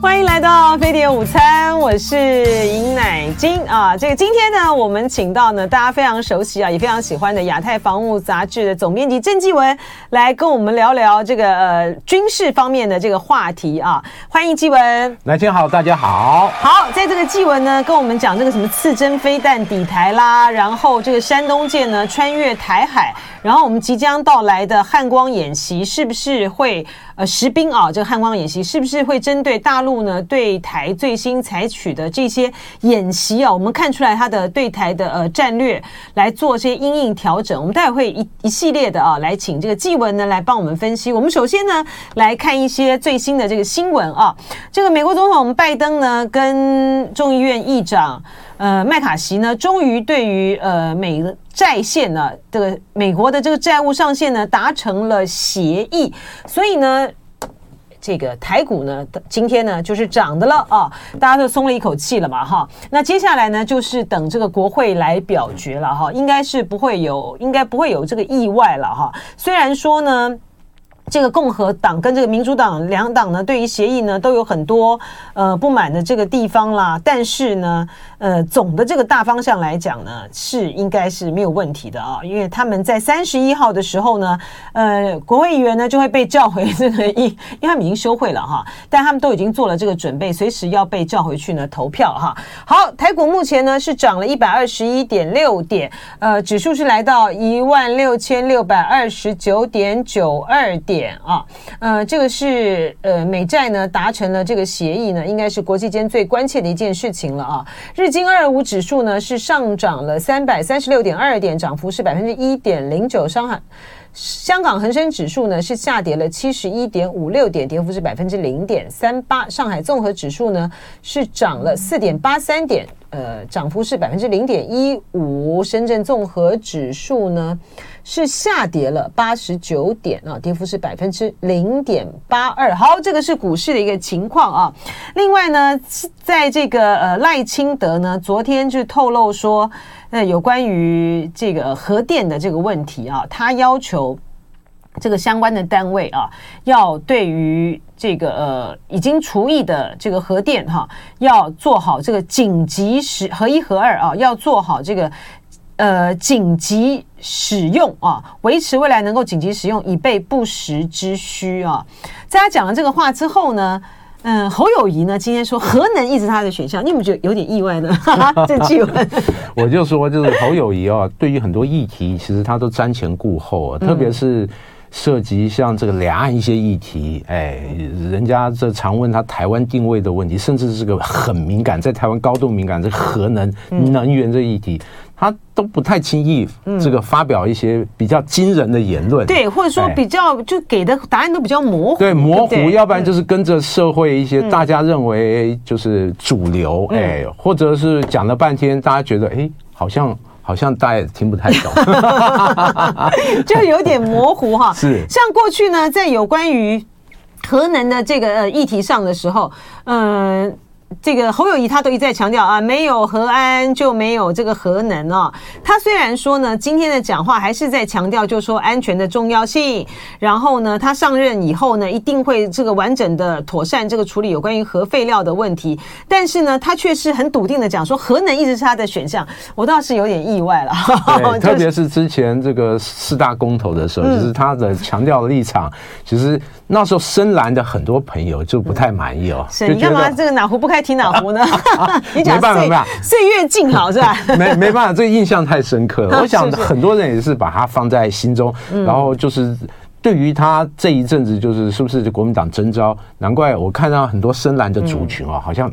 歡迎來到飛碟午餐，我是尹乃菁啊。這個今天呢，我們請到呢大家非常熟悉啊，也非常喜歡的亞太防務雜誌的總編輯鄭繼文，來跟我們聊聊這個呃軍事方面的這個話題啊。歡迎繼文，乃菁好，大家好。好，在這個繼文呢，跟我們講這個什麼刺針飛彈抵台啦，然後這個山東艦呢穿越台海，然後我們即將到來的漢光演習是不是會呃實兵啊、哦？這個漢光演習是不是會針對大？大陸呢對台最新採取的這些演習啊，我們看出來他的對台的呃戰略來做這些因應調整，我們待會一一系列的啊，來請這個繼文呢來幫我們分析。我們首先呢來看一些最新的這個新聞啊，這個美國總統拜登呢跟眾議院議長呃麥卡錫呢終於對於呃美債線呢這個美國的這個債務上限呢達成了協議，所以呢。這個台股呢，今天呢就是漲的了啊，大家都鬆了一口氣了嘛哈。那接下來呢，就是等這個國會來表決了哈，應該是不會有，應該不會有這個意外了哈。雖然說呢。這個共和黨跟這個民主黨兩黨呢，對於協議呢都有很多呃不滿的這個地方啦。但是呢，呃總的這個大方向來講呢，是應該是沒有問題的啊、哦。因為他們在三十一號的時候呢，呃，國會議員呢就會被叫回這個一，因為他們已經休會了哈。但他們都已經做了這個準備，隨時要被叫回去呢投票哈。好，台股目前呢是漲了一百二十一點六點，呃，指數是來到一萬六千六百二十九點九二點。啊、哦，呃，這個是呃美債呢達成了這個協議呢，應該是國際間最關切的一件事情了啊。日經二五指數呢是上漲了三百三十六點二點，漲幅是百分之一點零九。上海香港恆生指數呢是下跌了七十一點五六點，跌幅是百分之零點三八。上海綜合指數呢是漲了四點八三點，呃，漲幅是百分之零點一五。深圳綜合指數呢？是下跌了八十九點啊，跌幅是百分之零點八二。好，這個是股市的一個情況啊。另外呢，在這個呃賴清德呢，昨天就透露說，那、呃、有關於這個核電的這個問題啊，他要求這個相關的單位啊，要對於這個呃已經除役的這個核電哈、啊，要做好這個緊急時核一核二啊，要做好這個呃緊急。使用啊，維、哦、持未來能夠緊急使用，以備不時之需啊、哦。在他講了這個話之後呢，嗯，侯友宜呢今天說核能一直是他的選項， 你有沒有覺得有點意外呢？這句問，我就說就是侯友宜啊、哦， 對於很多議題其實他都瞻前顧後、哦，特別是涉及像這個兩岸一些議題，哎，人家這常問他台灣定位的問題，甚至是個很敏感，在台灣高度敏感這個核能能源這議題。嗯他都不太輕易這、嗯、這個發表一些比較驚人的言論，對，或者說比較、哎、就給的答案都比較模糊，對，模糊，要不然就是跟着社會一些大家認為就是主流，嗯、哎，或者是講了半天，大家覺得哎，好像好像大家也聽不太懂， 就有點模糊哈、哦， 是。像過去呢，在有關於核能的這個議題上的時候，嗯、呃。這個侯友宜他都一再強調啊，沒有核安就沒有這個核能哦。他雖然說呢，今天的講話還是在強調，就是說安全的重要性。然後呢，他上任以後呢，一定會這個完整的、妥善這個處理有關於核廢料的問題。但是呢，他卻是很篤定的講說，核能一直是他的選項。我倒是有點意外了。 就是、特別是之前這個四大公投的時候，嗯、就是他的強調的立場，其實。那時候深藍的很多朋友就不太滿意哦，嗯、你幹嘛？這個哪壺不開提哪壺呢、啊啊啊 你講？沒辦法，沒辦法，歲月靜好是吧？沒沒辦法，這個印象太深刻了。啊、我想很多人也是把它放在心中是是，然後就是對於他這一陣子，就是是不是國民黨徵召、嗯？難怪我看到很多深藍的族群哦、嗯，好像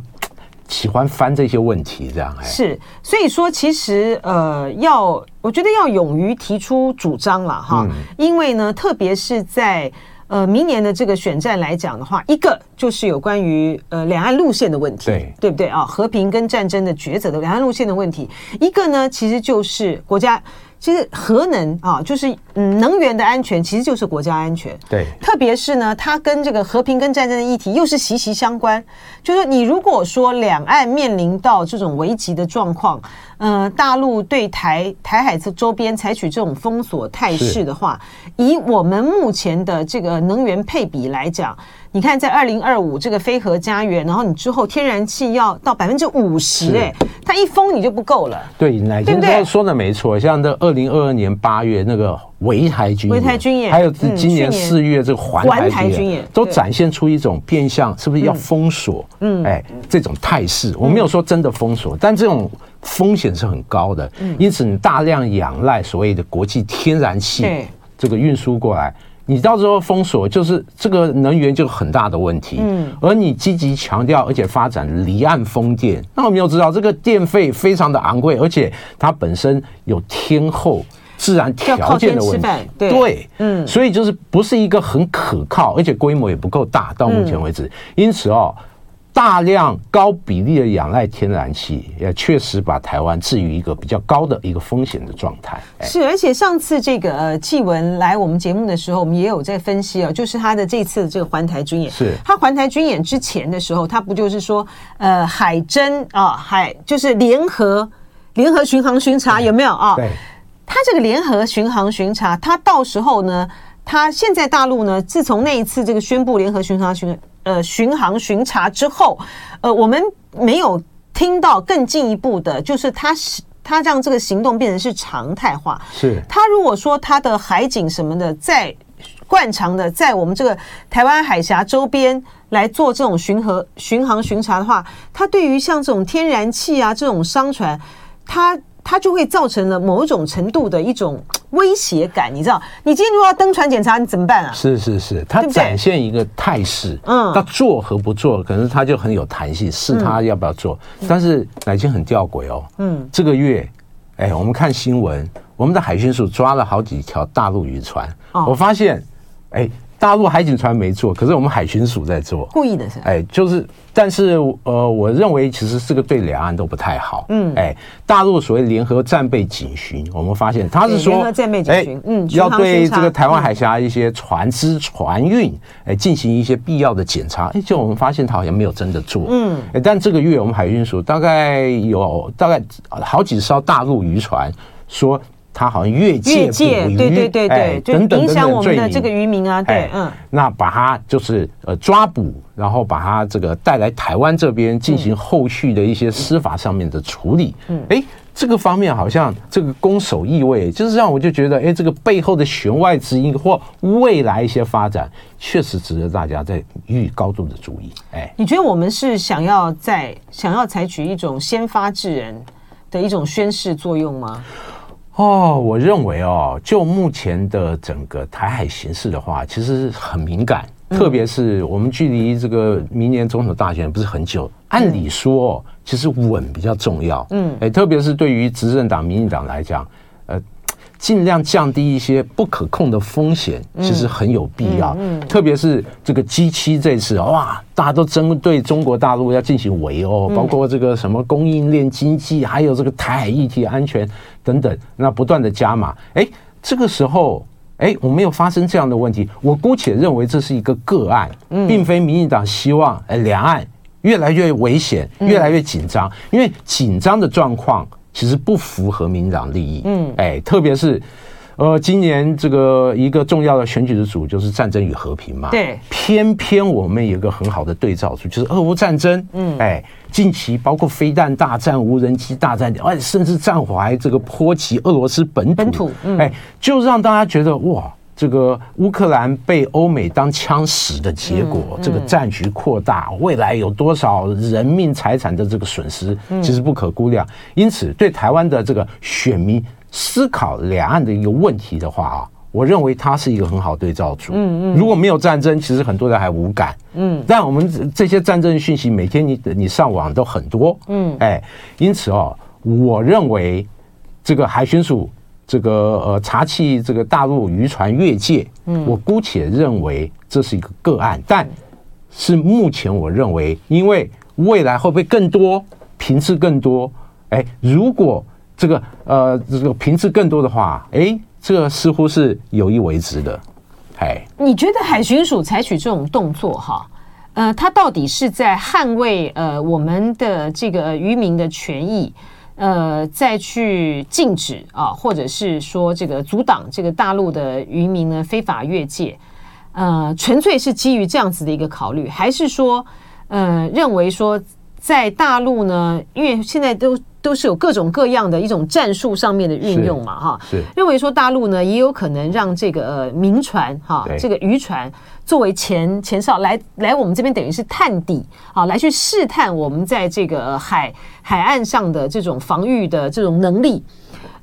喜歡翻這些問題這樣。是，所以說其實呃，要我覺得要勇於提出主張了哈，因為呢，特別是在。呃，明年的這個選戰來講的話，一個就是有關於呃兩岸路線的問題，對，對不對啊？哦，和平跟戰爭的抉擇的兩岸路線的問題，一個呢，其實就是國家。其實核能啊，就是嗯，能源的安全其實就是國家安全。對，特別是呢，它跟這個和平跟戰爭的議題又是息息相關。就是說你如果說兩岸面臨到這種危急的狀況，嗯、呃，大陸對台台海這周邊採取這種封鎖態勢的話，以我們目前的這個能源配比來講。你看，在二零二五這個非核家園，然後你之後天然氣要到百分之五十，哎、欸，它一封你就不夠了。對，對，對對，說的沒錯。像這二零二二年八月那個圍台軍演，圍台軍演，還有今年四月這個環台軍演、嗯嗯、台軍演，都展現出一種變相、嗯，是不是要封鎖？嗯，哎嗯，這種態勢，我沒有說真的封鎖，嗯、但這種風險是很高的。嗯、因此，你大量仰賴所謂的國際天然氣這個運輸過來。嗯嗯嗯你到時候封鎖，就是這個能源就很大的問題。嗯，而你積極強調，而且發展離岸風電，那我們要知道，這個電費非常的昂貴，而且它本身有天候、自然條件的問題。對，嗯，所以就是不是一個很可靠，而且規模也不夠大。到目前為止，因此哦。大量高比例的仰賴天然氣，也確實把台灣置於一個比較高的一個風險的狀態。哎。是，而且上次這個呃，繼文來我們節目的時候，我們也有在分析啊，哦，就是他的這次這個環台軍演。是。他環台軍演之前的時候，他不就是說呃海征啊，哦、海就是聯合聯合巡航巡查有沒有啊，哦？對。他這個聯合巡航巡查，他到時候呢，他現在大陸呢，自從那一次這個宣布聯合巡航巡。呃，巡航巡查之後，呃，我們沒有聽到更進一步的，就是他他讓這個行動變成是常態化。是，他如果說他的海警什麼的在，在慣常的在我們這個台灣海峽周邊來做這種巡航、巡航巡查的話，他對於像這種天然氣啊這種商船，他。它就會造成了某種程度的一種威脅感，你知道？你今天如果要登船檢查，你怎麼辦啊？是是是，它展現一個態勢。嗯，它做和不做，可能它就很有彈性，是它要不要做？嗯、但是乃菁很吊詭哦。嗯，這個月，哎，我們看新聞，我們的海巡署抓了好幾條大陸漁船，我發現，哦、哎。大陸海警船沒做，可是我們海巡署在做，故意的是？哎，就是，但是呃，我認為其實這個對兩岸都不太好。嗯，哎，大陸所謂聯合戰備警巡，我們發現他是說、嗯、聯合戰備警巡，嗯，要對這個台灣海峽一些船只船運，哎、嗯，進行一些必要的檢查。哎、嗯，就我們發現他好像沒有真的做。嗯誒，但這個月我們海巡署大概有大概好幾艘大陸漁船說。他好像越界，越界，對對對對，哎、就影響，等等影響我們的這個漁民啊，對，哎、嗯，那把他就是呃抓捕，然後把他這個帶來台灣這邊進行後續的一些司法上面的處理。嗯，哎，這個方面好像這個攻守意味，就是讓我就覺得，哎，這個背後的弦外之音或未來一些發展，確實值得大家在予以高度的注意。哎，你覺得我們是想要在想要採取一種先發制人的一種宣示作用嗎？哦，我認為哦，就目前的整個台海形勢的話，其實很敏感，嗯、特別是我們距離這個明年總統大選不是很久，按理說，嗯、其實穩比較重要，嗯，哎、欸，特別是對於執政黨、民進黨來講。盡量降低一些不可控的風險，其實很有必要。嗯，嗯嗯，特別是這個 G7 這一次，哇，大家都針對中國大陸要進行圍毆、嗯，包括這個什麼供應鏈經濟，還有這個台海議題安全等等，那不斷的加碼。哎、欸，這個時候，哎、欸，我沒有發生這樣的問題，我姑且認為這是一個個案，並非民進黨希望哎兩、呃、兩岸越來越危險、越來越緊張、嗯，因為緊張的狀況。其實不符合民黨利益，嗯，哎，特別是，呃，今年這個一個重要的選舉的組就是戰爭與和平嘛，對，偏偏我們有一個很好的對照組就是俄烏戰爭，嗯，哎，近期包括飛彈大戰、無人機大戰，哎，甚至戰火還這個波及俄羅斯本土，本土，嗯，哎，就讓大家覺得哇。這個烏克蘭被歐美當槍使的結果，嗯嗯，這個戰局擴大，未來有多少人命財產的這個損失，其實不可估量。嗯，因此，對台灣的這個選民思考兩岸的一個問題的話啊，我認為它是一個很好對照組，嗯嗯。如果沒有戰爭，其實很多人還無感。嗯，但我們這些戰爭訊息，每天你你上網都很多。嗯，哎，因此哦，我認為這個海巡署。這個呃，查緝這個大陸漁船越界，嗯，我姑且認為這是一個個案，但是目前我認為，因為未來會不會更多頻次更多？誒？如果這個呃這個頻次更多的話，哎，這個，似乎是有意為之的，誒，你覺得海巡署採取這種動作哈？呃，他到底是在捍衛呃我們的這個漁民的權益？呃，再去禁止啊，或者是說這個阻擋這個大陸的漁民呢，非法越界，呃，純粹是基於這樣子的一個考慮，還是說，呃，認為說在大陸呢，因為現在都都是有各種各樣的一種戰術上面的運用嘛，哈，認為說大陸呢也有可能讓這個呃民船，哈、呃，這個漁船作為前前哨來來我們這邊，等於是探底啊，來去試探我們在這個、呃、海海岸上的這種防禦的這種能力。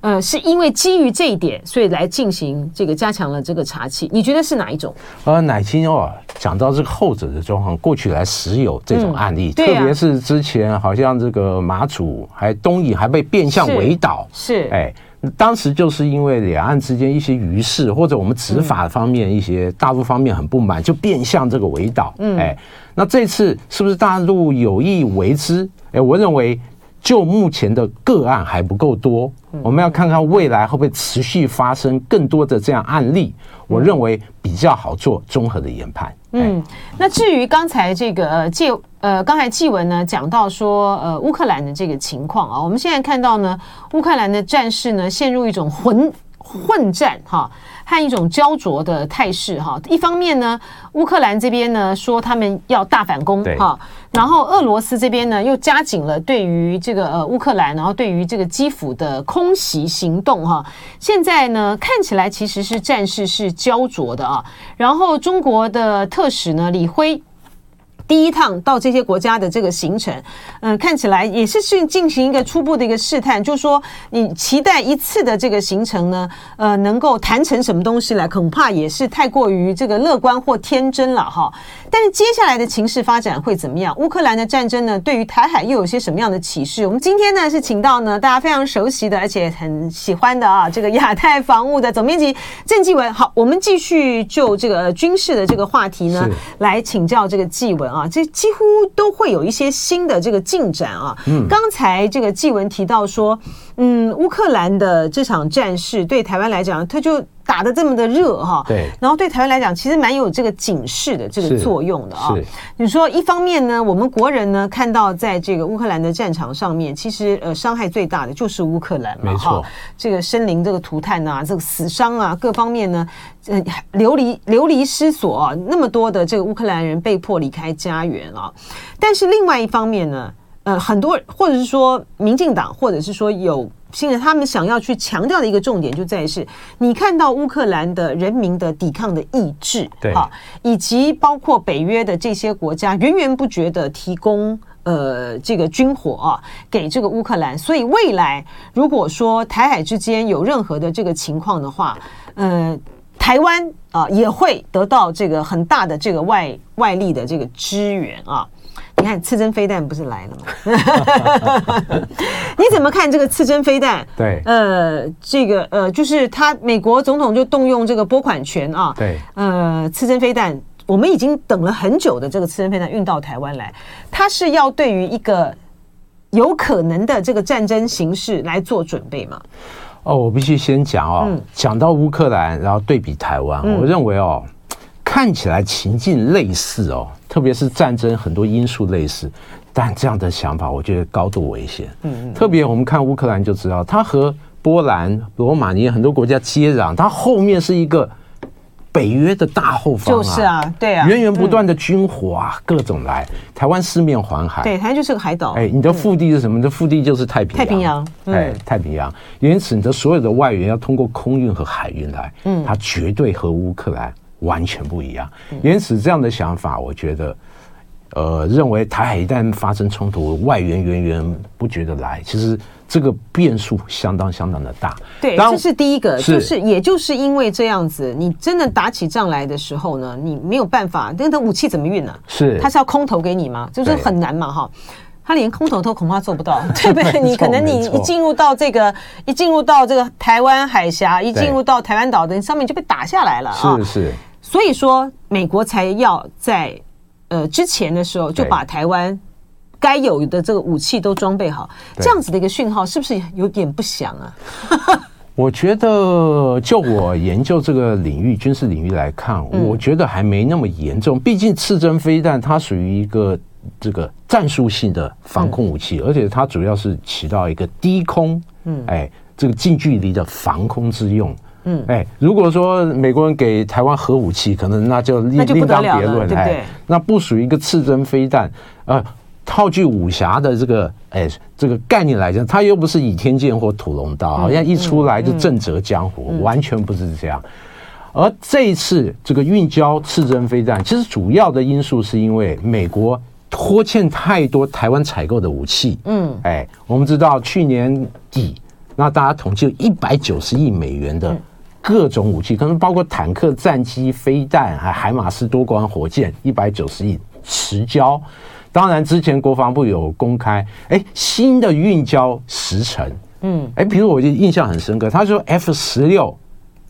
呃，是因為基於這一點，所以來進行這個加強了這個查緝。你覺得是哪一種？呃，乃菁哦，講到這個後者的狀況，過去來時有這種案例，嗯啊、特別是之前好像這個馬祖還東引還被變相圍島，是，是哎，當時就是因為兩岸之間一些漁事，或者我們執法方面一些大陸方面很不滿，嗯、就變相這個圍島。嗯，哎，那這次是不是大陸有意為之？哎，我認為。就目前的個案還不夠多，我們要看看未來會不會持續發生更多的這樣案例。我認為比較好做綜合的研判。嗯，那至於剛才這個呃，剛才繼文呢，講到說，呃，烏克蘭的這個情況啊，我們現在看到呢，烏克蘭的戰事呢陷入一種混混戰哈、啊。看一種焦灼的態勢，哈，一方面呢，烏克蘭這邊呢說他們要大反攻，哈，然後俄羅斯這邊呢又加緊了對於這個呃烏克蘭，然後對於這個基輔的空襲行動，哈，現在呢看起來其實是戰事是焦灼的啊，然後中國的特使呢李輝。第一趟到這些國家的這個行程，嗯，看起來也是去進行一個初步的一個試探，就是說你期待一次的這個行程呢，呃，能夠談成什麼東西來，恐怕也是太過於這個樂觀或天真了，哈。但是接下來的情勢發展會怎麼樣？烏克蘭的戰爭呢，對於台海又有些什麼樣的啟示？我們今天呢是請到呢大家非常熟悉的，而且很喜歡的啊，這個亞太防務的總編輯鄭繼文。好，我們繼續就這個軍事的這個話題呢，來請教這個繼文啊。這幾乎都會有一些新的這個進展啊。嗯，剛才這個繼文提到說，嗯，烏克蘭的這場戰事對台灣來講，它就。打得這麼的熱哈，對，然後對台灣來講，其實蠻有這個警示的這個作用的啊。你說一方面呢，我們國人呢看到在這個烏克蘭的戰場上面，其實呃傷害最大的就是烏克蘭嘛，哈、哦，這個生靈這個塗炭啊，這個死傷啊，各方面呢，呃流離流離失所，啊，那麼多的這個烏克蘭人被迫離開家園啊。但是另外一方面呢，呃，很多人或者是說民進黨，或者是說有，現在他們想要去強調的一個重點，就在於是你看到烏克蘭的人民的抵抗的意志，啊，以及包括北約的這些國家源源不絕的提供呃這個軍火啊給這個烏克蘭，所以未來如果說台海之間有任何的這個情況的話，呃，台灣啊也會得到這個很大的這個外外力的這個支援啊。你看，刺針飛彈不是來了嗎？ 你怎麼看這個刺針飛彈？對，呃，這個呃，就是他美國總統就動用這個撥款權啊。對，呃，刺針飛彈，我們已經等了很久的這個刺針飛彈運到台灣來，它是要對於一個有可能的這個戰爭形式來做準備嗎？哦，我必須先講哦，講到烏克蘭，然後對比台灣，嗯，我認為哦，看起來情境類似哦。特別是戰爭很多因素類似，但這樣的想法我覺得高度危險。嗯嗯。特別我們看烏克蘭就知道，它和波蘭、羅馬尼亞很多國家接壤，它後面是一個北約的大後方、啊，就是啊，對啊，源源不斷的軍火啊，嗯、各種來。台灣四面環海，對，台灣就是個海島。哎、欸，你的腹地是什麼？嗯、你的腹地就是太平洋太平洋，哎、嗯欸，太平洋。因此，你的所有的外援要通過空運和海運來，嗯，它絕對和烏克蘭。完全不一樣，因此這樣的想法，我覺得、嗯，呃，認為台海一旦發生衝突，外援源、源源不絕的來，其實這個變數相當相當的大。對，這是第一個，就是、是，也就是因為這樣子，你真的打起仗來的時候呢，你沒有辦法，那個武器怎麼運呢？是，他是要空投給你嗎？就是很難嘛，哈，他連空投都恐怕做不到，對不對？你可能你一進入到這個、這個、進入到這個，一進入到這個台灣海峽，一進入到台灣島的上面就被打下來了，哦、是是。所以說，美國才要在呃之前的時候就把台灣該有的這個武器都裝備好，這樣子的一個訊號是不是有點不祥啊？ 我覺得，就我研究這個領域，軍事領域來看、嗯，我覺得還沒那麼嚴重。畢竟，刺針飛彈它屬於一個這個戰術性的防空武器、嗯，而且它主要是起到一個低空，嗯，哎，這個近距離的防空之用。嗯，哎，如果說美國人給台灣核武器，可能那就另，那就了了另當別論，對對、哎？那不屬於一個刺針飛彈，呃，套句武俠的這個，哎，這個概念來講，它又不是倚天劍或屠龍刀，好、嗯、像、嗯嗯嗯、一出來就震澤江湖、嗯嗯，完全不是這樣。而這一次這個運交刺針飛彈，其實主要的因素是因為美國拖欠太多台灣採購的武器。嗯，哎，我們知道去年底，那大家統計有一百九十億美元的、嗯。各種武器，可能包括坦克、戰機、飛彈、還海馬斯多管火箭，一百九十億，遲交。當然，之前國防部有公開，哎、欸，新的運交時程，嗯、欸，哎，譬如我就印象很深刻，他說 F 十六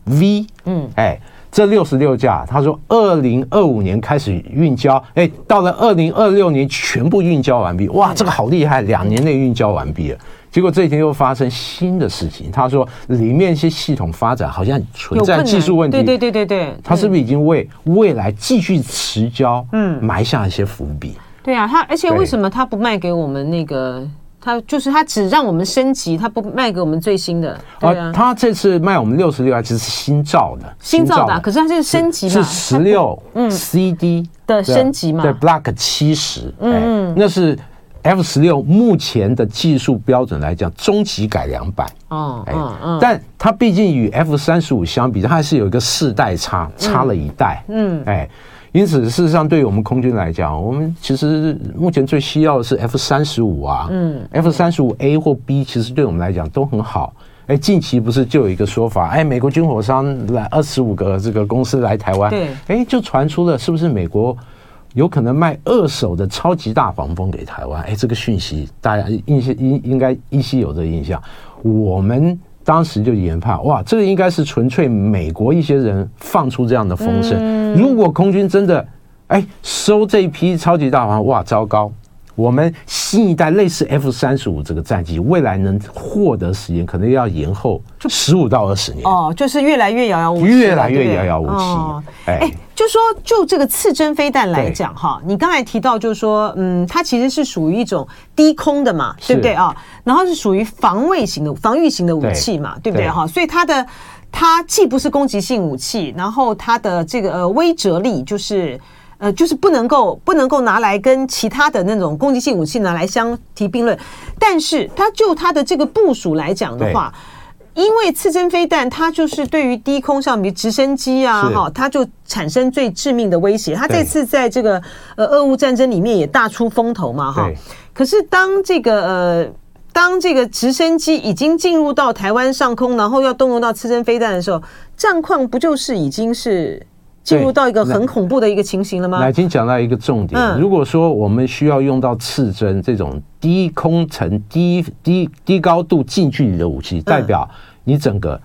V，嗯，哎，這六十六架，他說二零二五年開始運交，哎、欸，到了二零二六年全部運交完畢，哇，這個好厲害，兩年內運交完畢。結果這一天又發生新的事情。他說裡面一些系統發展好像存在技術問題。對對對對他、嗯、是不是已經為未來繼續持交嗯埋下一些伏筆？嗯、對啊，他而且為什麼他不賣給我們那個？他就是他只讓我們升級，他不賣給我們最新的。啊，他、啊、這次賣我們六十六還是新造，新，造新造的？新造的，可是它是升級是十六嗯 CD 的升級嘛？對 Block 七十嗯，嗯、欸，那是。F 十六目前的技術標準來講，終極改良版、哦哦嗯、哎，但它畢竟與 F 三十五相比，它還是有一個世代差，差了一代。嗯，嗯，哎，因此事實上，對於我們空軍來講，我們其實目前最需要的是 F 三十五啊，嗯，嗯，F 三十五 A 或 B 其實對我們來講都很好。哎，近期不是就有一個說法，哎，美國軍火商來二十五個這個公司來台灣，對，哎，就傳出了是不是美國，有可能賣二手的超級大黃蜂給台灣，哎，這個訊息大家應該應應該依稀有這個印象。我們當時就研判，哇，這個應該是純粹美國一些人放出這樣的風聲。嗯。如果空軍真的哎收這一批超級大黃蜂，哇，糟糕！我們新一代類似 F 三十五這個戰機，未來能獲得時間可能要延後十五到二十年。哦，就是越來越遙遙無期，越來越遙遙無期。哦。哎。欸就是說就這個刺針飛彈來講哈，你剛才提到就是說，嗯，它其實是屬於一種低空的嘛，對不對啊、哦？然後是屬於防衛型的、防禦型的武器嘛，對，對不對哈？所以它的它既不是攻擊性武器，然後它的這個呃威懾力就是呃就是不能夠不能夠拿來跟其他的那種攻擊性武器拿來相提並論，但是它就它的這個部署來講的話。因為刺針飛彈，它就是對於低空上，比如直升機啊，哈，它就產生最致命的威脅。它這次在這個呃俄烏戰爭裡面也大出風頭嘛，哈。可是當這個呃，當這個直升機已經進入到台灣上空，然後要動用到刺針飛彈的時候，戰況不就是已經是進入到一個很恐怖的一個情形了嗎？已經講到一個重點，嗯。如果說我們需要用到刺針這種低空層、低低低高度、近距離的武器，代表你整個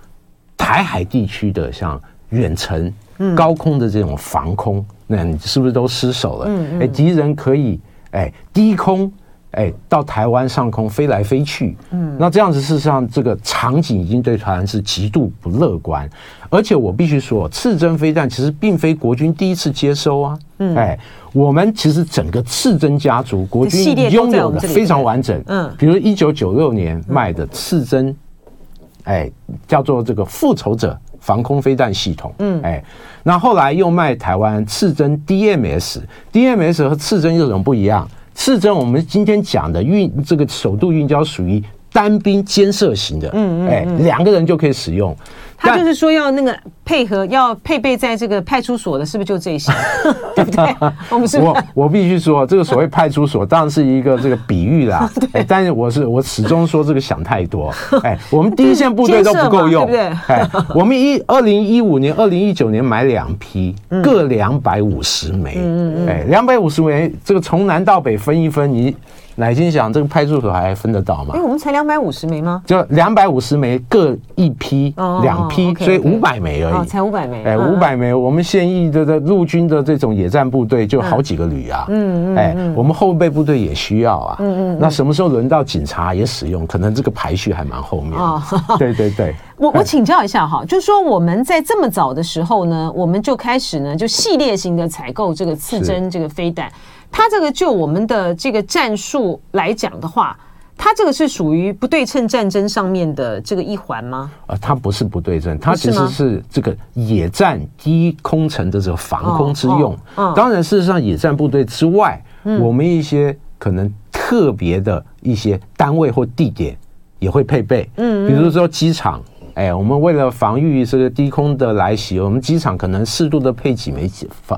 台海地區的像遠程、高空的這種防空、嗯，那你是不是都失守了？嗯嗯、誒敵人可以誒低空誒到台灣上空飛來飛去，嗯，那這樣子事實上這個場景已經對台灣是極度不樂觀。而且我必須說，刺針飛彈其實並非國軍第一次接收啊，嗯、誒我們其實整個刺針家族國軍擁有的非常完整，嗯，比如一九九六年賣的刺針。哎，叫做這個復仇者防空飛彈系統。嗯，哎，那後，後來又賣台灣刺針 DMS，DMS 和刺針有什麼不一樣？刺針我們今天講的運這個首度運交屬於單兵肩射型的。嗯嗯，嗯，哎，兩個人就可以使用。他就是說要那個配合，要配備在這個派出所的，是不是就這些？ 對不對？ 我們是。我我必須說，這個所謂派出所，當然是一個這個比喻啦。 對，哎，但是我是我始終說這個想太多。哎，我們第一線部隊都不夠用， 對對？ 哎，我們一、二零一五年、二零一九年買兩批，各兩百五十枚。嗯，哎，兩百五十枚，這個從南到北分一分，你。乃菁想，這個派出所還分得到嗎？因、欸、為我們才兩百五十枚嗎？就兩百五十枚，各一批，哦哦哦，兩批，哦哦所以五百枚而已，哦、才五百枚。哎，五百枚嗯嗯嗯，我們現役的的陸軍的這種野戰部隊就好幾個旅啊。嗯嗯，嗯，嗯、哎。我們後備部隊也需要啊。嗯，嗯嗯。那什麼時候輪到警察也使用？可能這個排序還蠻後面。啊、哦哦哦，對對對。哦哦我我請教一下哈、嗯，就是說我們在這麼早的時候呢，我們就開始呢，就系列型的採購這個刺針這個飛彈。它這個就我們的這個戰術來講的話，它這個是屬於不對稱戰爭上面的這個一環嗎？啊、呃，它不是不對稱，它其實是這個野戰低空層的這個防空之用。哦哦哦、當然，事實上，野戰部隊之外、嗯，我們一些可能特別的一些單位或地點也會配備。嗯嗯，比如說機場。哎，我們為了防禦這個低空的來襲，我們機場可能適度的配幾枚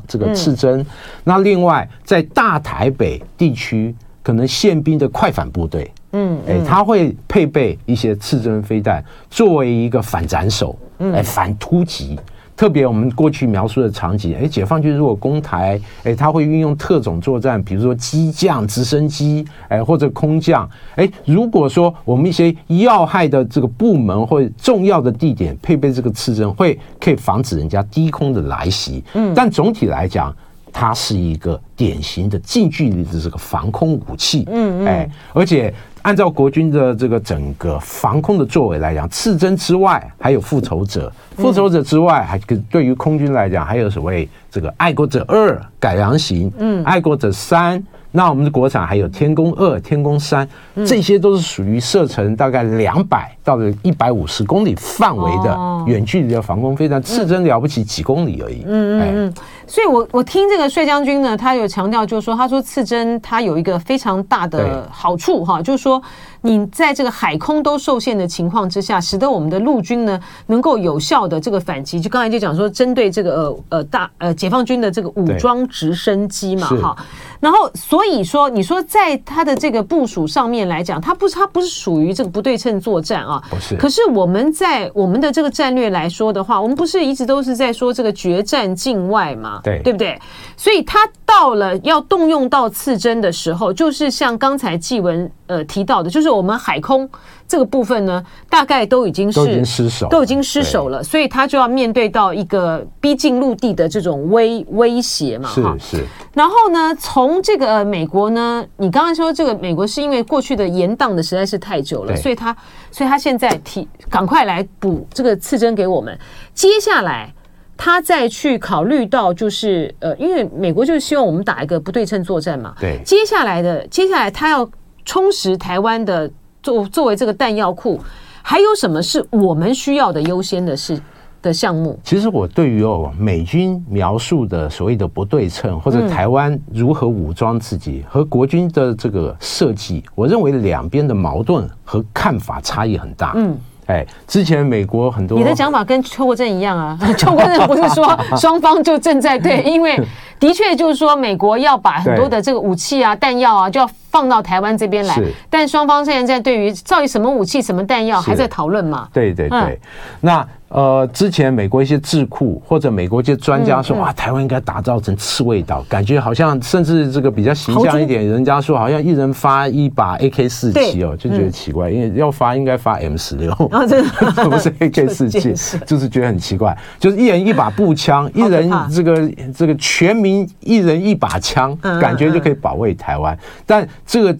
這個刺針、嗯。那另外，在大台北地區，可能憲兵的快反部隊嗯，嗯，哎，他會配備一些刺針飛彈，作為一個反斬首、嗯，來反突擊。特別我們過去描述的場景，誒、哎，解放軍如果攻台，誒、哎，他會運用特種作戰，比如說機降、直升機，誒、哎，或者空降，誒、哎，如果說我們一些要害的這個部門或重要的地點配備這個刺針，會可以防止人家低空的來襲。嗯，但總體來講，它是一個典型的近距離的這個防空武器。嗯嗯，哎，而且。按照國軍的這個整個防空的作為來講，刺針之外還有復仇者，復仇者之外還對於空軍來講，還有所謂這個愛國者二改良型，嗯，愛國者三。那我們的國產還有天弓二、天弓三，這些都是屬於射程大概兩百到一百五十公里範圍的遠距離的防空飛彈，刺針了不起、嗯、幾公里而已。嗯、哎、嗯嗯，所以我我聽這個帥將軍呢，他有強調，就是說，他說刺針它有一個非常大的好處哈，就是說。你在這個海空都受限的情況之下，使得我們的陸軍呢能夠有效的這個反擊。就剛才就講說，針對這個呃呃大呃解放軍的這個武裝直升機嘛，哈。然後所以說，你說在它的這個部署上面來講，它不它不是屬於這個不對稱作戰啊。不是。可是我們在我們的這個戰略來說的話，我們不是一直都是在說這個決戰境外嘛？對對不對？所以它到了要動用到刺針的時候，就是像剛才繼文。呃，提到的，就是我們海空這個部分呢，大概都已經是都已經失守，都已經失守了，所以他就要面對到一個逼近陸地的這種威威脅嘛，是是。然後呢，從這個美國呢，你剛才說這個美國是因為過去的延宕的實在是太久了，所以他所以他現在提趕快來補這個刺針給我們。接下來他再去考慮到，就是呃，因為美國就是希望我們打一個不對稱作戰嘛，對。接下來的，接下來他要。充實台灣的作作為這個彈藥庫，還有什麼是我們需要的優先的是的項目？其實我對於哦美軍描述的所謂的不對稱，或者台灣如何武裝自己和國軍的這個設計，我認為兩邊的矛盾和看法差異很大。嗯。哎，之前美國很多，你的講法跟邱國正一樣啊。 邱國正不是說雙方就正在對， 因為的確就是說美國要把很多的這個武器啊、彈藥啊，就要放到台灣這邊來。是，但雙方現在，在對於到底什麼武器、什麼彈藥，還在討論嘛？對對對、對、嗯，那。呃，之前美國一些智庫或者美國一些專家說，哇、嗯啊，台灣應該打造成刺蝟島，感覺好像甚至這個比較形象一點，人家說好像一人發一把 AK 四七哦，就覺得奇怪，嗯、因為要發應該發 M 十六，啊，不、這個、 是 AK 四七，就是覺得很奇怪， 就是一人一把步槍，一人這個這個全民一人一把槍，嗯嗯，感覺就可以保衛台灣，嗯嗯，但這個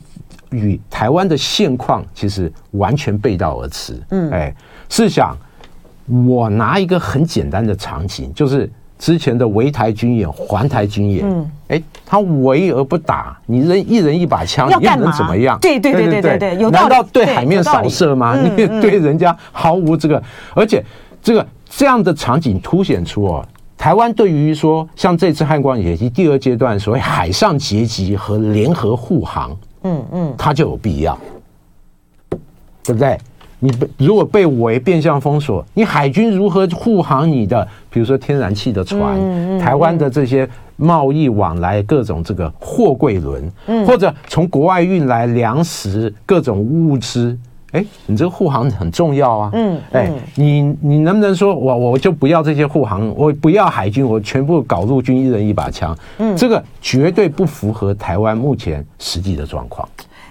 與台灣的現況其實完全背道而馳。嗯，哎，試想。我拿一個很簡單的場景，就是之前的圍台軍演、環台軍演，嗯，誒，他圍而不打，你人一人一把槍，又能怎麼樣？對對對對對對，對對對對對，難道對海面對掃射嗎？嗯嗯、你對人家毫無這個，而且這個這樣的場景凸顯出哦，台灣對於說像這次漢光演習第二階段所謂海上截擊和聯合護航，嗯嗯，它就有必要，對不對？你如果被圍變相封鎖，你海軍如何護航你的？比如說天然氣的船，嗯嗯嗯、台灣的這些貿易往來，各種這個貨櫃輪，或者從國外運來糧食各種物資，欸，你這個護航很重要啊。嗯嗯欸、你你能不能說我我就不要這些護航，我不要海軍，我全部搞陸軍，一人一把槍，嗯？這個絕對不符合台灣目前實際的狀況。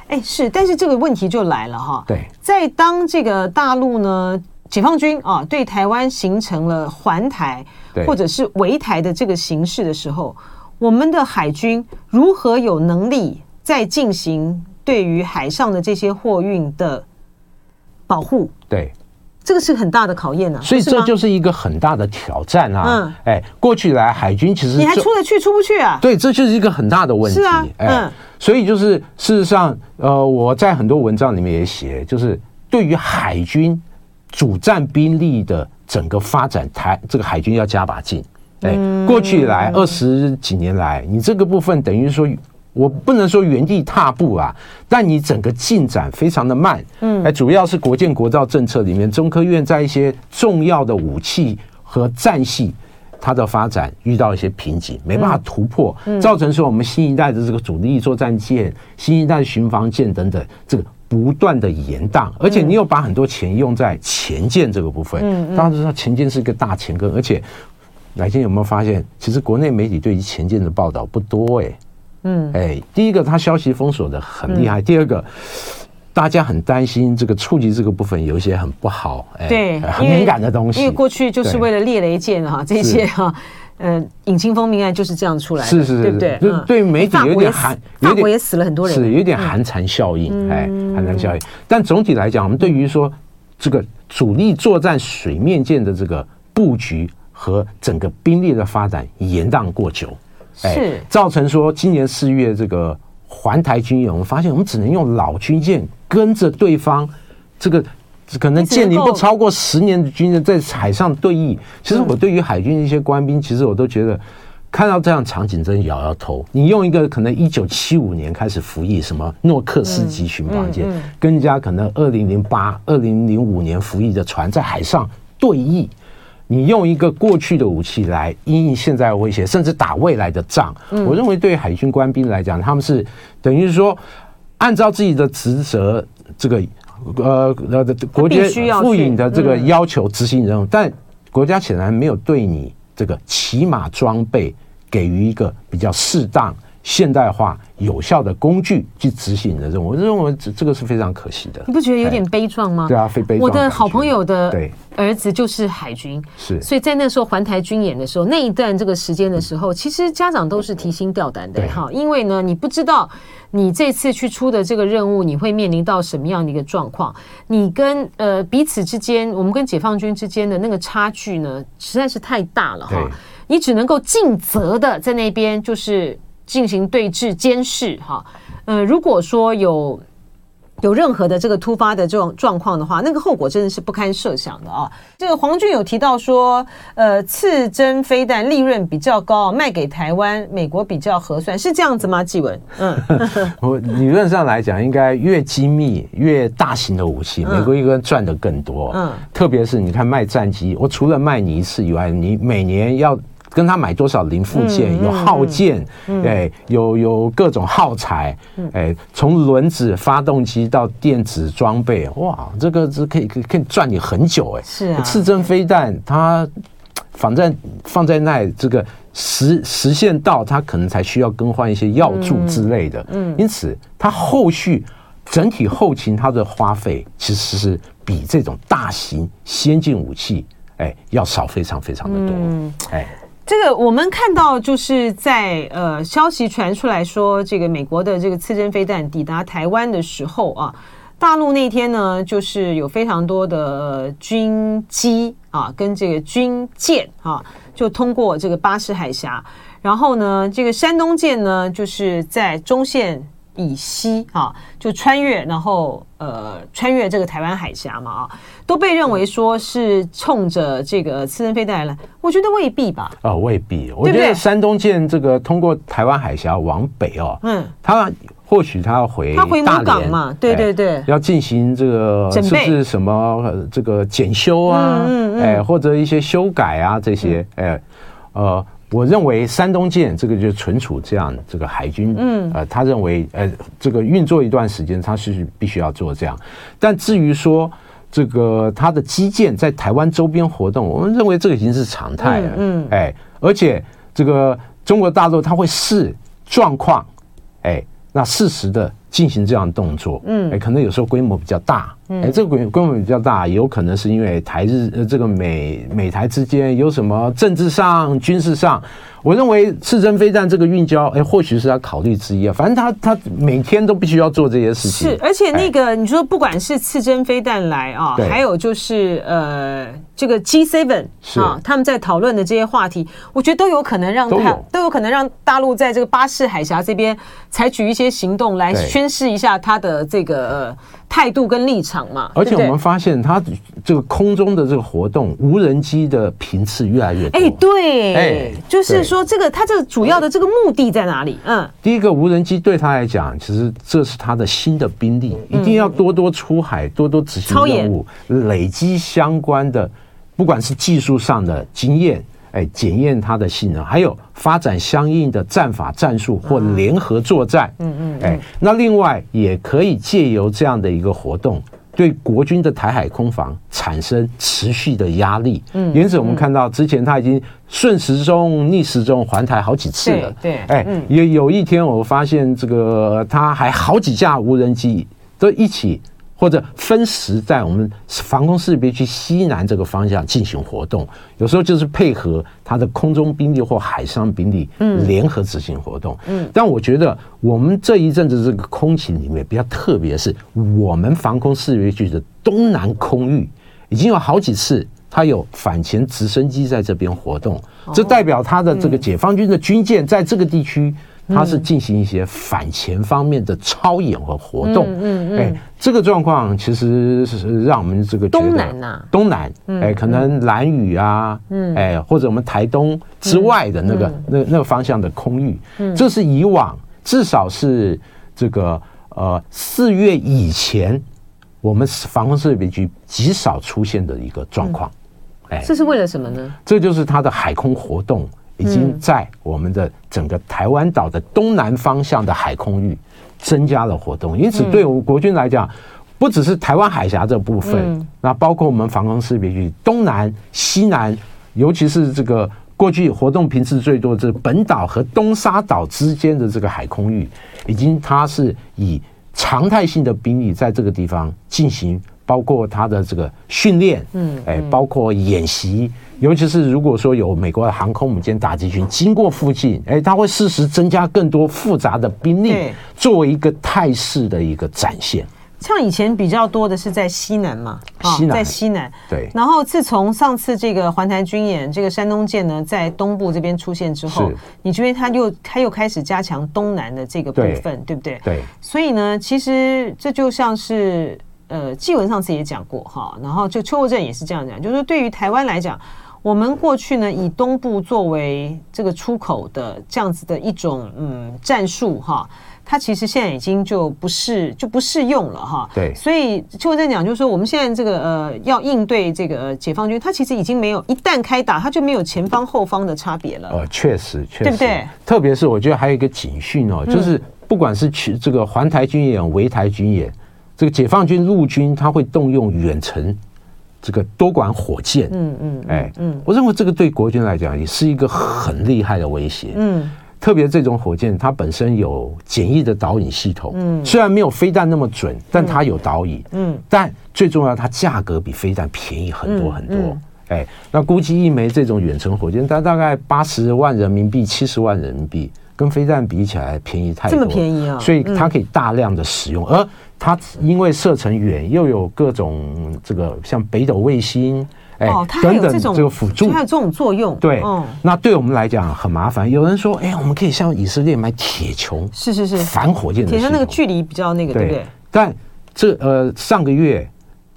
哎，是，但是這個問題就來了哈。對，在當這個大陸呢，解放軍啊，對台灣形成了環台，或者是圍台的這個形勢的時候，我們的海軍如何有能力再進行對於海上的這些貨運的保護？對。這個是很大的考驗呢、啊，所以這就是一個很大的挑戰啊！嗯，哎，過去來海軍其實你還出得去出不去啊？對，這就是一個很大的問題。啊、嗯、哎，所以就是事實上，呃，我在很多文章裡面也寫，就是對於海軍主戰兵力的整個發展台，台這個海軍要加把勁。哎，過去來二十、嗯、幾年來，你這個部分等於說。我不能說原地踏步啊，但你整個進展非常的慢，嗯，哎，主要是國艦國造政策裡面，中科院在一些重要的武器和戰系，它的發展遇到一些瓶頸，沒辦法突破，嗯嗯，造成說我們新一代的這個主力作戰艦，嗯、新一代巡防艦等等，這個不斷的延宕，而且你又把很多錢用在潛艦這個部分，當然是說潛艦是一個大錢坑，而且，乃菁有沒有發現，其實國內媒體對於潛艦的報道不多哎，欸。嗯，哎，第一個他消息封鎖的很厲害、嗯，第二個，大家很擔心這個觸及這個部分有一些很不好，嗯、哎，很敏感的東西。因為過去就是為了獵雷艦啊，這些哈、啊，嗯，尹清楓命案就是這樣出來的，是是，是，是。對，對？嗯、對媒體有點寒、哎大有點，大國也死了很多人，是有點寒蟬效應、嗯，哎，寒蟬效應。但總體來講，我們對於說這個主力作戰水面艦的這個佈局和整個兵力的發展延宕過久。是、哎、造成說，今年四月這個環台軍演，我們發現我們只能用老軍艦跟着對方，這個可能建立不超過十年的軍艦在海上對弈。其實我對於海軍一些官兵，其實我都覺得看到這樣場景真搖搖頭。你用一個可能一九七五年開始服役什麼諾克斯級巡防艦、嗯嗯嗯，跟人家可能二零零八、二零零五年服役的船在海上對弈。你用一個過去的武器來因應現在的威脅，甚至打未來的仗，嗯、我認為對海軍官兵來講，他們是等於是說按照自己的職責，這個呃呃，國家賦予的這個要求執行任務，嗯，但國家顯然沒有對你這個起碼裝備給予一個比較適當，現代化有效的工具去執行的任務，我認為這這個是非常可惜的。你不覺得有點悲壯嗎？對，對啊，非悲壯。我的好朋友的兒子就是海軍，是。所以在那時候環台軍演的時候，那一段這個時間的時候，嗯，其實家長都是提心吊膽的哈，因為呢，你不知道你這次去出的這個任務，你會面臨到什麼樣的一個狀況？你跟呃彼此之間，我們跟解放軍之間的那個差距呢，實在是太大了哈。你只能夠盡責的在那邊就是。進行對峙監視，哈，呃，如果說有有任何的這個突發的這種狀況的話，那個後果真的是不堪設想的啊、哦。這個黃俊有提到說，呃，刺針飛彈利潤比較高，賣給台灣、美國比較合算，是這樣子嗎？繼文，嗯， 我理論上來講，應該越機密、越大型的武器，美國一個人賺得更多。嗯，嗯特別是你看賣戰機，我除了賣你一次以外，你每年要。跟他買多少零附件，嗯、有耗件，嗯嗯欸、有有各種耗材，哎、嗯，從、欸、輪子、發動機到電子裝備，哇，這個是可以可以可以賺你很久、欸、是啊，刺針飛彈，它反正放在那，這個實實現到它可能才需要更換一些藥柱之類的嗯。嗯，因此它後續整體後勤它的花費其實是比這種大型先進武器、欸，要少非常非常的多。嗯，欸這個我們看到，就是在呃消息傳出來說，這個美國的這個刺針飛彈抵達台灣的時候啊，大陸那天呢，就是有非常多的軍機啊，跟這個軍艦啊，就通過這個巴士海峽，然後呢，這個山東艦呢，就是在中線。以西啊、哦，就穿越，然後呃，穿越這個台灣海峽嘛啊、哦，都被認為說是衝着這個刺針飛彈來了，我覺得未必吧。啊、呃，未必，我覺得山東艦這個通過台灣海峽往北哦，嗯，他或許他要回他回母港嘛，對對對、哎，要進行這個設置什麼這個檢修啊，嗯，哎，或者一些修改啊這些、嗯，哎，呃。我認為山東艦這個就是存儲這樣這個海軍，嗯、呃，他認為，呃，這個運作一段時間，他是必須要做這樣。但至於說這個它的機艦在台灣周邊活動，我們認為這個已經是常態了，嗯，嗯，哎、欸，而且這個中國大陸它會視狀況，哎、欸，那適時的進行這樣的動作，嗯，哎，可能有時候規模比較大。哎、這個規規模比較大，有可能是因為台日，呃，這個美美台之間有什麼政治上、軍事上，我認為刺針飛彈這個運交，哎，或許是他考慮之一啊。反正他他每天都必須要做這些事情。是，而且那個、哎、你說不管是刺針飛彈來啊，還有就是呃，這個 G Seven 啊，他們在討論的這些話題，我覺得都有可能讓他都有，都有可能讓大陸在這個巴士海峽這邊採取一些行動來宣示一下他的這個。態度跟立場嘛，而且我們發現他這個空中的這個活動，對對無人機的頻次越來越多。哎、欸，對、欸，就是說這個，他這個主要的這個目的在哪裡？欸、嗯，第一個，無人機對他來講，其實這是他的新的兵力，嗯、一定要多多出海，多多執行任務，累積相關的，不管是技術上的經驗。哎，檢驗它的性能，還有發展相應的戰法、戰術或聯合作戰。嗯、啊、嗯，哎、嗯嗯，那另外也可以借由這樣的一個活動，對國軍的台海空防產生持續的壓力。嗯，因、嗯、此我們看到之前他已經順時鐘、逆時鐘環台好幾次了。對，哎，也有、嗯、有一天我發現這個他還好幾架無人機都一起，或者分時在我們防空識別區西南這個方向進行活動，有時候就是配合他的空中兵力或海上兵力聯合執行活動。嗯，嗯，但我覺得我們這一陣子這個空情裡面比較特別是我們防空識別區的東南空域已經有好幾次，他有反潛直升機在這邊活動，這代表他的這個解放軍的軍艦在這個地區，嗯。嗯它是進行一些反潛方面的操演和活動，哎、嗯嗯嗯欸，這個狀況其實是讓我們這個覺得東南、啊、東南，哎、嗯欸，可能蘭嶼啊，哎、嗯欸，或者我們台東之外的那個、嗯、那那個方向的空域，嗯、這是以往至少是這個呃四月以前我們防空識別區極少出現的一個狀況，哎、嗯，這是為了什麼呢、欸？這就是它的海空活動。已經在我們的整個台灣島的東南方向的海空域增加了活動，因此對我們國軍來講，不只是台灣海峽這部分，那包括我們防空識別區東南、西南，尤其是這個過去活動頻次最多的就是本島和東沙島之間的這個海空域，已經它是以常態性的兵力在這個地方進行。包括他的這個訓練，嗯，哎，包括演習、嗯嗯，尤其是如果說有美國的航空母艦打擊群經過附近，哎、欸，他會適時增加更多複雜的兵力，作為一個態勢的一個展現。像以前比較多的是在西南嘛，西南、哦、在西南，對。然後自從上次這個環台軍演，這個山東艦呢在東部這邊出現之後，你覺得他又它又開始加強東南的這個部分對，對不對？對。所以呢，其實這就像是。呃，繼文上次也講過哈，然後就邱國正也是這樣講，就是說，對於台灣來講，我們過去呢以東部作為這個出口的這樣子的一種嗯戰術哈，它其實現在已經就不是就不適用了哈。對，所以邱國正講就是說，我們現在這個呃要應對這個解放軍，它其實已經沒有一旦開打，它就沒有前方後方的差別了。呃確實，確實，對不對？特別是我覺得還有一個警訊哦，就是不管是去、嗯、這個環台軍演、圍台軍演。這個解放軍陸軍他會動用遠程這個多管火箭，嗯嗯，嗯，哎，嗯，我認為這個對國軍來講也是一個很厲害的威脅，嗯，特別這種火箭它本身有簡易的導引系統，嗯，雖然沒有飛彈那麼準，但它有導引，嗯，但最重要它價格比飛彈便宜很多很多，嗯嗯，哎，那估計一枚這種遠程火箭，它大概八十萬人民幣、七十萬人民幣，跟飛彈比起來便宜太多，這麼便宜啊，哦，所以它可以大量的使用，嗯，而。它因為射程遠，又有各種這個像北斗衛星，哎，等等這個輔助，它有這種作用。對，嗯、那對我們來講很麻煩。有人說，哎，我們可以向以色列買鐵穹。是是是，反火箭鐵穹那個距離比較那個，對，對不對？但這呃上個月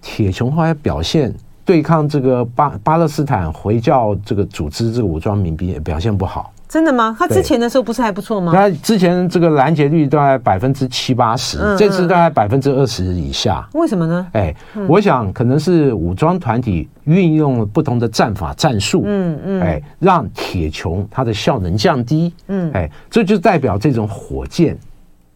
鐵穹後來表現對抗這個巴巴勒斯坦回教這個組織這個武裝民兵也表現不好。真的嗎？他之前的時候不是還不錯嗎？那之前這個攔截率大概百分之七八十，這次大概百分之二十以下。為什麼呢？哎、嗯，我想可能是武裝團體運用了不同的戰法戰術，嗯嗯，哎，讓鐵穹它的效能降低，嗯，哎，這就代表這種火箭，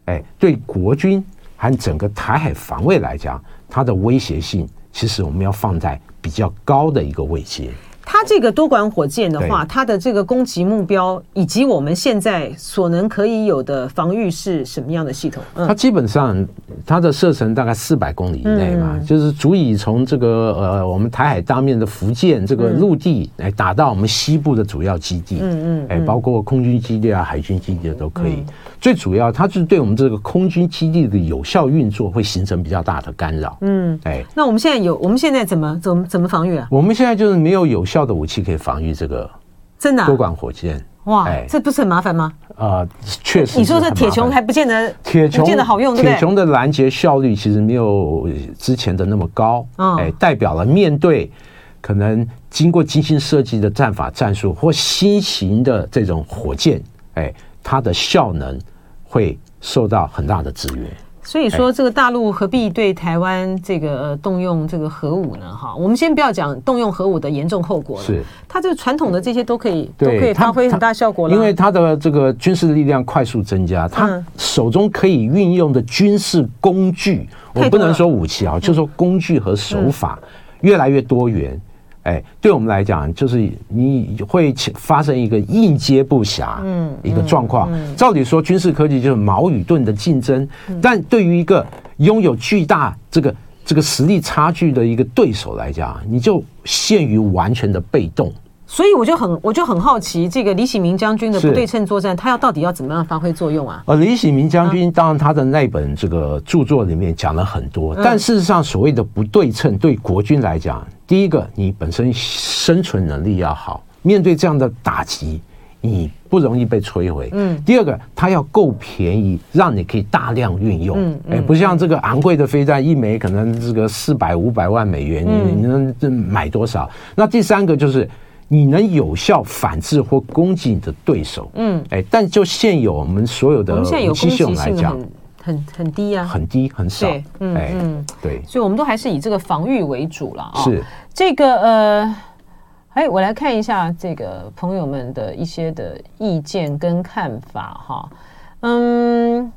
哎，對國軍和整個台海防衛來講，它的威脅性，其實我們要放在比較高的一個位階。它這個多管火箭的話，它的這個攻擊目標以及我們現在所能可以有的防禦是什麼樣的系統？嗯，它基本上它的射程大概四百公里以內嘛，嗯，就是足以從這個呃我們台海當面的福建這個陸地來打到我們西部的主要基地。嗯嗯，哎，包括空軍基地啊、海軍基地啊，都可以。嗯，最主要，它是對我們這個空軍基地的有效運作會形成比較大的干擾。嗯，哎，那我們現在有，我們現在怎麼怎麼怎麼防禦啊？我們現在就是沒有有效。的武器可以防禦這個，真的多管火箭？啊、哇、哎，這不是很麻煩嗎？啊、呃，確實。你說這鐵穹還不見得，鐵穹不見得好用。對對鐵穹的攔截效率其實沒有之前的那麼高。嗯、哦，哎，代表了面對可能經過精心設計的戰法戰術或新型的這種火箭，哎，它的效能會受到很大的制約。所以說，這個大陸何必對台灣這個動用這個核武呢？哈，我們先不要講動用核武的嚴重後果了。是，它這個傳統的這些都可以，嗯、都可以發揮很大效果了。因為它的這個軍事力量快速增加，它手中可以運用的軍事工具，嗯、我不能說武器啊，就說工具和手法越來越多元。嗯嗯哎，對我們來講，就是你會發生一個應接不暇，嗯，一個狀況，嗯嗯嗯。照理說，軍事科技就是矛與盾的競爭，嗯，但對於一個擁有巨大這個這個實力差距的一個對手來講，你就陷於完全的被動。所以我就很我就很好奇，這個李喜明將軍的不對稱作戰，他要到底要怎麼樣發揮作用啊？呃，李喜明將軍當然他的那本這個著作裡面講了很多，嗯，但事實上，所謂的不對稱對國軍來講。第一個，你本身生存能力要好，面對這樣的打擊，你不容易被摧毀。嗯。第二個，它要夠便宜，讓你可以大量運用。嗯，嗯、欸、不像這個昂貴的飛彈、嗯，一枚可能這個四百五百萬美元，你能買多少？嗯、那第三個就是你能有效反制或攻擊你的對手。嗯、欸。但就現有我們所有的武器系統來講。嗯嗯嗯很，很低呀、啊，很低很少。對，嗯，嗯、欸，對，所以我們都還是以這個防禦為主了啊、喔。是這個呃，哎，我來看一下這個朋友們的一些的意見跟看法哈、喔。嗯，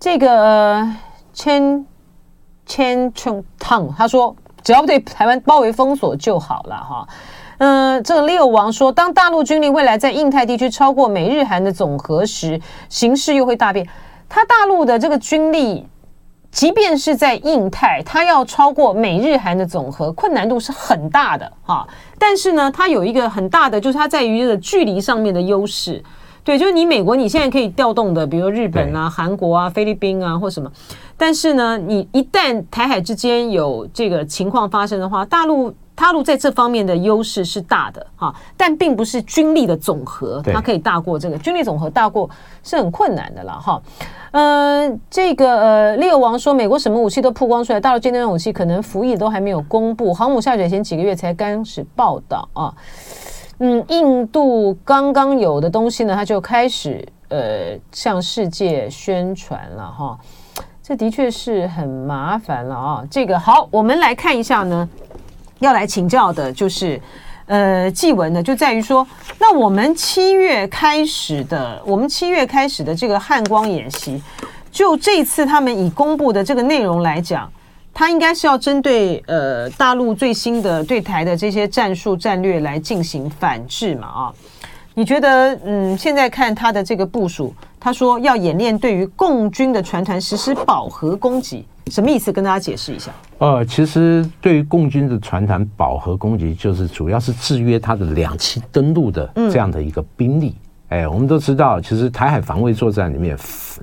這個千千 e 湯，c 他說，只要不對台灣包圍封鎖就好了哈。嗯，這個六王說，當大陸軍力未來在印太地區超過美日韓的總和時，形勢又會大變。它大陸的這個軍力，即便是在印太，它要超過美日韓的總和，困難度是很大的哈。但是呢，它有一個很大的，就是它在於這個距離上面的優勢。對，就是你美國你現在可以調動的，比如說日本啊、韓國啊、菲律賓啊或什麼。但是呢，你一旦台海之間有這個情況發生的話，大陸，他路在這方面的優勢是大的哈，但並不是軍力的總和，它可以大過這個軍力總和，大過是很困難的了。哈。呃，這個呃，列王說美國什麼武器都曝光出來，大陸尖端武器可能服役都還沒有公布，航母下水前幾個月才開始報道啊。嗯，印度剛剛有的東西呢，他就開始呃向世界宣傳了哈，啊，這的確是很麻煩了啊。這個好，我們來看一下呢。要來請教的就是，呃，繼文呢，就在於說，那我們七月開始的，我們七月開始的這個漢光演習，就這次他們已公布的這個內容來講，它應該是要針對呃大陸最新的對台的這些戰術戰略來進行反制嘛？啊，你覺得嗯，現在看他的這個部署，他說要演練對於共軍的船團實施飽和攻擊。什麼意思？跟大家解釋一下。呃，其實對於共軍的船團飽和攻擊，就是主要是制約它的兩棲登陸的這樣的一個兵力。哎、嗯欸，我們都知道，其實台海防衛作戰裡面，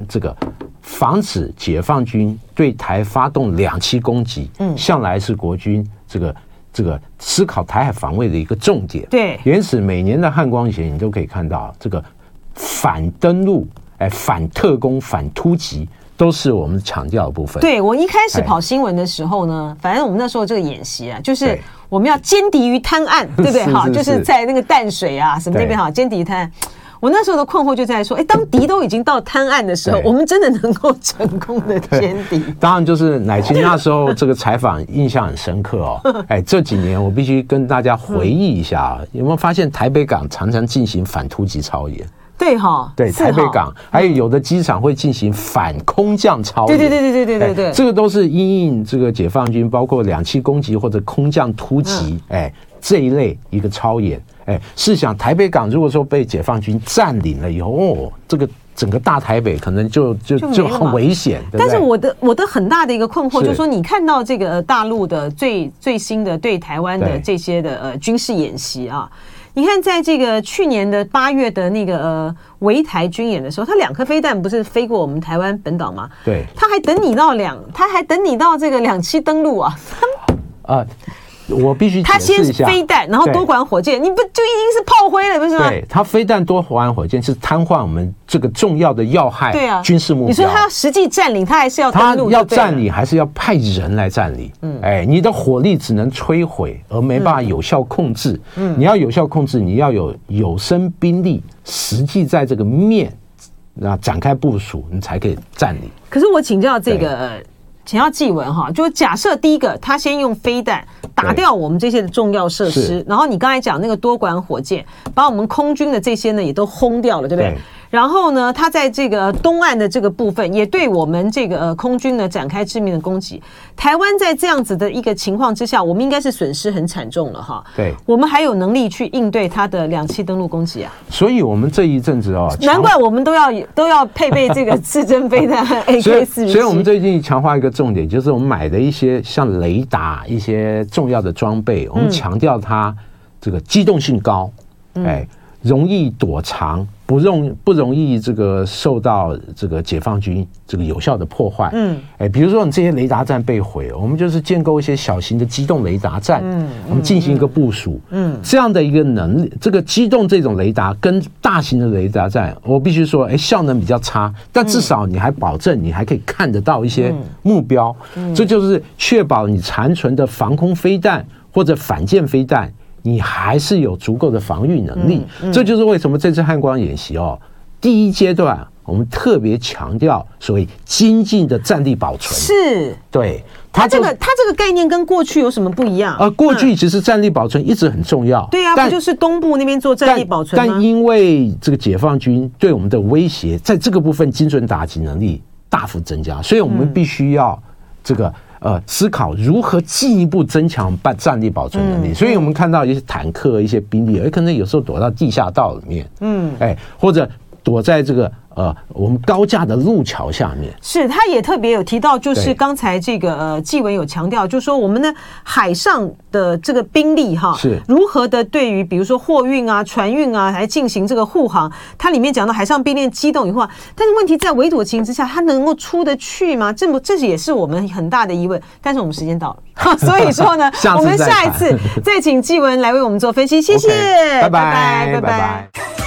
這個防止解放軍對台發動兩棲攻擊，嗯，向來是國軍這個這個思考台海防衛的一個重點。對，因此每年的漢光演習你都可以看到這個反登陸、哎、欸，反特攻、反突擊。都是我們強調的部分。對，我一開始跑新聞的時候呢、欸，反正我們那時候這個演習啊，就是我們要殲敵於灘岸，對不對？是是是。就是在那個淡水啊什麼那邊好殲敵於灘岸。我那時候的困惑就在說，哎、欸，當敵都已經到灘岸的時候，我們真的能夠成功的殲敵？當然就是乃菁那時候這個採訪印象很深刻哦。哎、 欸，這幾年我必須跟大家回憶一下啊、嗯，有沒有發現台北港常常進行反突擊操演？對哈，對台北港，還有有的機場會進行反空降操演，嗯、對對對對對對對、對、對、對、哎、這個都是因應這個解放軍包括兩棲攻擊或者空降突擊，嗯、哎這一類一個操演，哎，試想台北港如果說被解放軍佔領了以後，哦、這個整個大台北可能就就就、就很危險。對對，但是我的我的很大的一個困惑是就是說，你看到這個大陸的最最新的對台灣的這些的呃軍事演習啊。你看，在這個去年的八月的那個呃圍台軍演的時候，他兩顆飛彈不是飛過我們台灣本島嗎？對，他還等你到兩，他還等你到這個兩棲登陸啊！啊、 uh.。我必須解釋一下，他先飛彈，然後多管火箭，你不就已經是炮灰了？不是嗎？對，他飛彈、多管火箭是癱瘓我們這個重要的要害，對啊，軍事目標。啊、你說他要實際佔領，他還是要登陸，他要佔領還是要派人來佔領？嗯，哎、欸，你的火力只能摧毀，而沒辦法有效控制。嗯，你要有效控制，你要有有生兵力實際在這個面那展開部署，你才可以佔領。可是我請教這個。想要繼文哈，就是假設第一個，他先用飛彈打掉我們這些的重要設施，然後你剛才講那個多管火箭，把我們空軍的這些呢也都轟掉了，對不對？對然後呢，他在這個東岸的這個部分也對我們這個、呃、空軍呢展開致命的攻擊。台灣在這樣子的一個情況之下，我們應該是損失很慘重了哈。對，我們還有能力去應對他的兩棲登陸攻擊啊？所以我們這一陣子啊、哦，難怪我們都要都要配備這個刺針飛彈的 AK 四十七 所以，所以我們最近強化一個重點，就是我們買的一些像雷達一些重要的裝備，我們強調它這個機動性高，哎、嗯，容易躲藏。不容不容易這個受到這個解放軍這個有效的破壞，嗯，哎，比如說你這些雷達站被毀，我們就是建構一些小型的機動雷達站，嗯，我們進行一個部署，嗯，嗯，這樣的一個能力，這個機動這種雷達跟大型的雷達站，我必須說，哎，效能比較差，但至少你還保證你還可以看得到一些目標，嗯，嗯，這就是確保你殘存的防空飛彈或者反艦飛彈。你還是有足夠的防禦能力，這就是為什麼這次漢光演習哦。第一階段，我們特別強調所謂精進的戰力保存，是對它這個它這個概念跟過去有什麼不一樣？呃，過去其實戰力保存一直很重要，對啊，不就是東部那邊做戰力保存。但因為這個解放軍對我們的威脅，在這個部分精準打擊能力大幅增加，所以我們必須要這個。呃，思考如何進一步增強戰力保存能力。所以，我們看到一些坦克、一些兵力，有可能有時候躲到地下道裡面，嗯，哎、欸，或者躲在這個。呃，我們高架的路橋下面是，他也特別有提到，就是剛才這個呃繼文有強調，就是說我們的海上的這個兵力哈，是如何的對於比如說貨運啊、船運啊來進行這個護航，它裡面講到海上兵力機動以後，但是問題在圍堵情之下，它能夠出得去嗎？這麼，這也是我們很大的疑問。但是我們時間到了， 次再 所以說呢，我們下一次再請繼文來為我們做分析，謝謝 Okay, 拜拜，拜拜，拜拜。